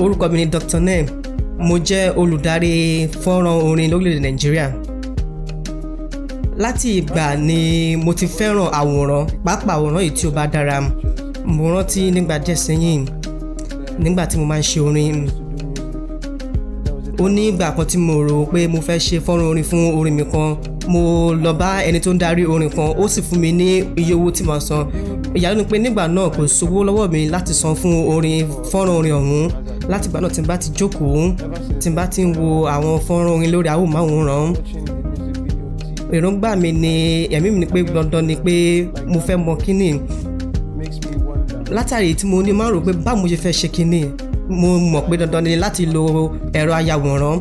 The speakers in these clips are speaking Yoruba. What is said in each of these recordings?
orúkọ mi ni Dr. Neem mo jẹ́ olùdarí fọ́nrán orin lórílẹ̀‐èdè Nàìjíríà láti ìgbà ni mo ti fẹ́ràn àwòrán pàápàá àwòrán èyí tí ó bá dára mo rántí nígbà díẹ̀ sẹ́yìn nígbà tí mo máa ń ṣe orin ó ní ìgbà kan tí mo rò pé mo fẹ́ ṣe fọ́nrán orin fún orin mi kan mo lọ bá ẹni tó ń darí orin kan ó sì fún mi ní iye owó tí màá san ìyàlẹ́nu pé nígbà náà kò sówó lọ́wọ́ mi láti san fún orin fọ́nrán orin ọ̀hún láti ìgbà náà tí n bá ti jókòó tí n bá ti ń wo àwọn fọ́nrán orin lórí àwòmáwòrán èròǹgbà mi ni ẹ̀mí mi ni pé dandan ni pé mo fẹ́ mọ kíní látàrí tí mo ní máa rò pé báwo ṣe fẹ́ ṣe kíní mo mọ̀ pé dandan ni láti lo ẹ̀rọ ayàwòrán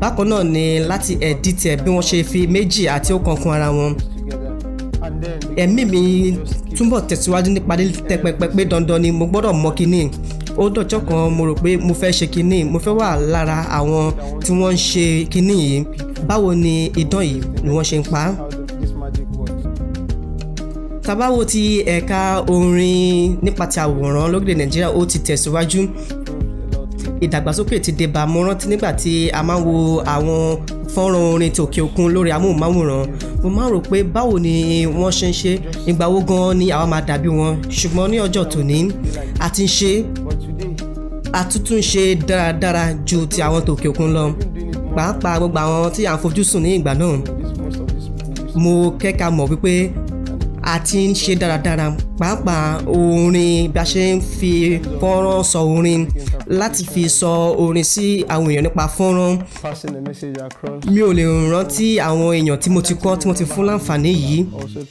bákan náà ni láti ẹ̀dítẹ̀ bí wọ́n ṣe fi méjì àti ọ̀kọ̀ọ̀kan ara wọn ẹ̀mí mi túbọ̀ tẹ̀síwájú nípa tẹ pẹpẹ pé dandan ni mo gbọ́dọ̀ mọ kíní ó dọ̀jọ́ kan mo rò pé mo fẹ́ ṣe kíní mo fẹ́ wà lára àwọn tí wọ́n ń ṣe kíní yìí báwo ni idán yìí ni wọ́n ṣe ń pa á tabawo ti ẹ̀ka orin nípa ti àwòrán lórílẹ̀ nàìjíríà ó ti tẹ̀síwájú ìdàgbàsókè ti dé bá mo rántí nígbà tí a máa ń wo àwọn fọ́nrán orin tòkè òkun lórí amóhùnmáwòrán mo máa rò pé báwo ni wọ́n ṣe ń ṣe ìgbà wo gan-an ni àwa máa dàbí wọn ṣùgbọ́n ní ọjọ́ tòní a ti ń ṣe àtúntún ṣe dáradára ju ti àwọn tòkè òkun lọ pàápàá gbogbo àwọn tí à ń fojú sùn ní ìgbà náà mo kẹ́ka mọ̀ wípé àti ń ṣe dáradára pàápàá orin bí a ṣe ń fi fọ́nrán sọ orin láti fi sọ orin sí àwọn èèyàn nípa fọ́nrán mi ò lè rántí àwọn èèyàn tí mo ti kọ́ tí mo ti fún láǹfààní yìí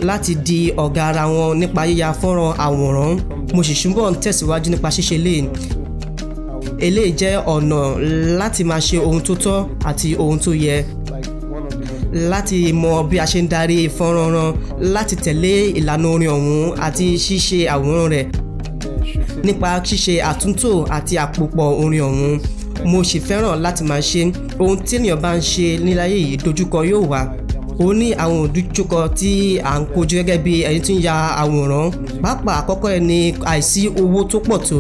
láti di ọ̀gá ara wọn nípa yíya fọ́nrán àwòrán mo sì ṣùgbọ́n ń tẹ̀síwájú nípa ṣíṣe léyìn eléyìí jẹ́ ọ̀nà láti máa ṣe ohun tó tọ́ àti ohun tó yẹ láti mọ bí a ṣe ń darí fọ́nrán láti tẹ̀lé ìlànà orin ọ̀hún àti ṣíṣe àwòrán rẹ̀ nípa ṣíṣe àtúntò àti àpòpọ̀ orin ọ̀hún mo sì fẹ́ràn láti máa ṣe ohun tí ènìyàn bá ń ṣe níláyé yìí dojúkọ yóò wà ó ní àwọn òdújúkọ tí à ń kojú gẹ́gẹ́ bí ẹni tí ń ya àwòrán pàápàá àkọ́kọ́ ẹ ní àìsí owó tó pọ̀ tó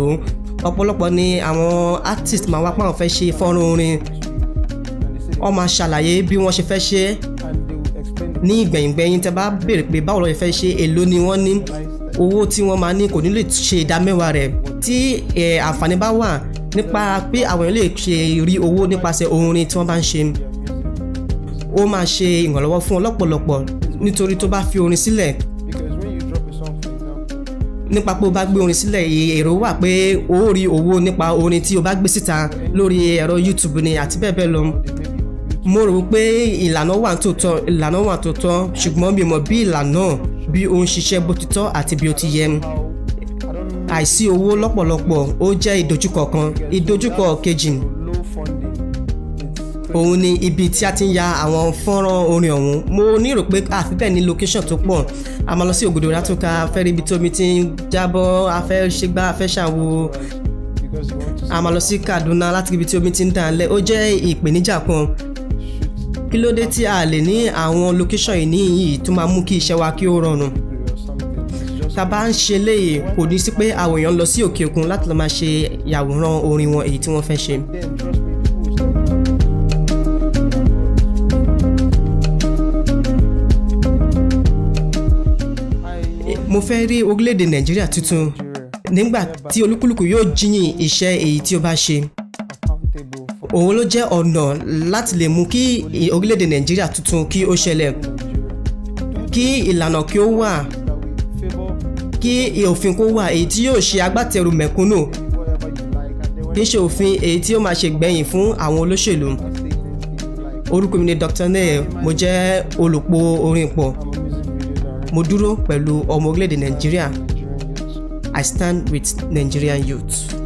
ọ̀pọ̀lọpọ̀ ni àwọn artist máa wá pé fẹ́ ṣe fọ́nrán orin wọ́n máa ṣàlàyé bí wọ́n ṣe fẹ́ ṣe é ní ìgbẹ̀yìngbẹ̀yìn tẹ́ bá béèrè pé báwo ló fẹ́ ṣe èló ni wọ́n ní owó tí wọ́n máa ní kò ní lè ṣe ìdámẹ́wàá rẹ̀ tí àǹfààní bá wà nípa pé àwọn èèyàn lè ṣe rí owó nípasẹ̀ orin tí wọ́n bá ń ṣe ó máa ṣe ìrànlọ́wọ́ fún ọ lọ́pọ̀lọpọ̀ nítorí tó bá fi orin sílẹ̀ nípa pé o bá gbé orin sílẹ̀ èrò wà pé o ó rí owó nípa orin tí o bá gbé síta lórí ẹ̀rọ YouTube ni àti bẹ́ẹ̀ bẹ́ẹ̀ lọ mo rò pé ìlànà wà tó tọ́ ìlànà wà tó tọ́ ṣùgbọ́n mi mọ̀ bí ìlànà bí ó ń ṣiṣẹ́ bó ti tọ́ àti bí ó ti yẹ àìsí owó lọ́pọ̀lọpọ̀ ó jẹ́ ìdojúkọ kan ìdojúkọ kejì òun ni ibi tí a ti ń ya àwọn fọ́nrán orin ọ̀hún mo nírò pé àfi bẹ́ẹ̀ ni location tó pọ̀ a máa lọ sí ògùdó látúkà a fẹ́ rí ibi tómi ti ń jábọ́ a ṣègbà a ṣàwo a máa lọ sí Kaduna láti ibi tí omi ti ń dàn lẹ́ ó jẹ́ ìpèníjà kan kí ló dé tí a lè ní àwọn location yìí níyì tó máa mú kí iṣẹ́ wa kí ó rọrùn tá a bá ń ṣe léyìí kò ní sí pé àwọn èèyàn lọ sí òkè òkun láti lọ́ọ́ máa ṣe yàwòrán orin wọn èyí tí wọ́n fẹ́ ṣe. mo fẹ́ rí orílẹ̀-èdè nàìjíríà tuntun nígbà tí olúkúlùkù yóò jíyìn iṣẹ́ èyí tí ó bá ṣe òun ló jẹ́ ọ̀nà láti lè mú kí orílẹ̀-èdè nàìjíríà tuntun kí ó ṣẹlẹ̀ kí ìlànà kí ó wà kí òfin kó wà èyí tí yóò ṣe agbátẹrù mẹ̀kúnnù kì í ṣe òfin èyí tí ó máa ṣe gbẹ̀yìn fún àwọn olóṣèlú orúkọ mi ni Dr. Neye mo jẹ́ olùpọ̀ orin pọ̀ mo dúró pẹ̀lú ọmọ orílẹ̀-èdè nàìjíríà I stand with Nigerian youth.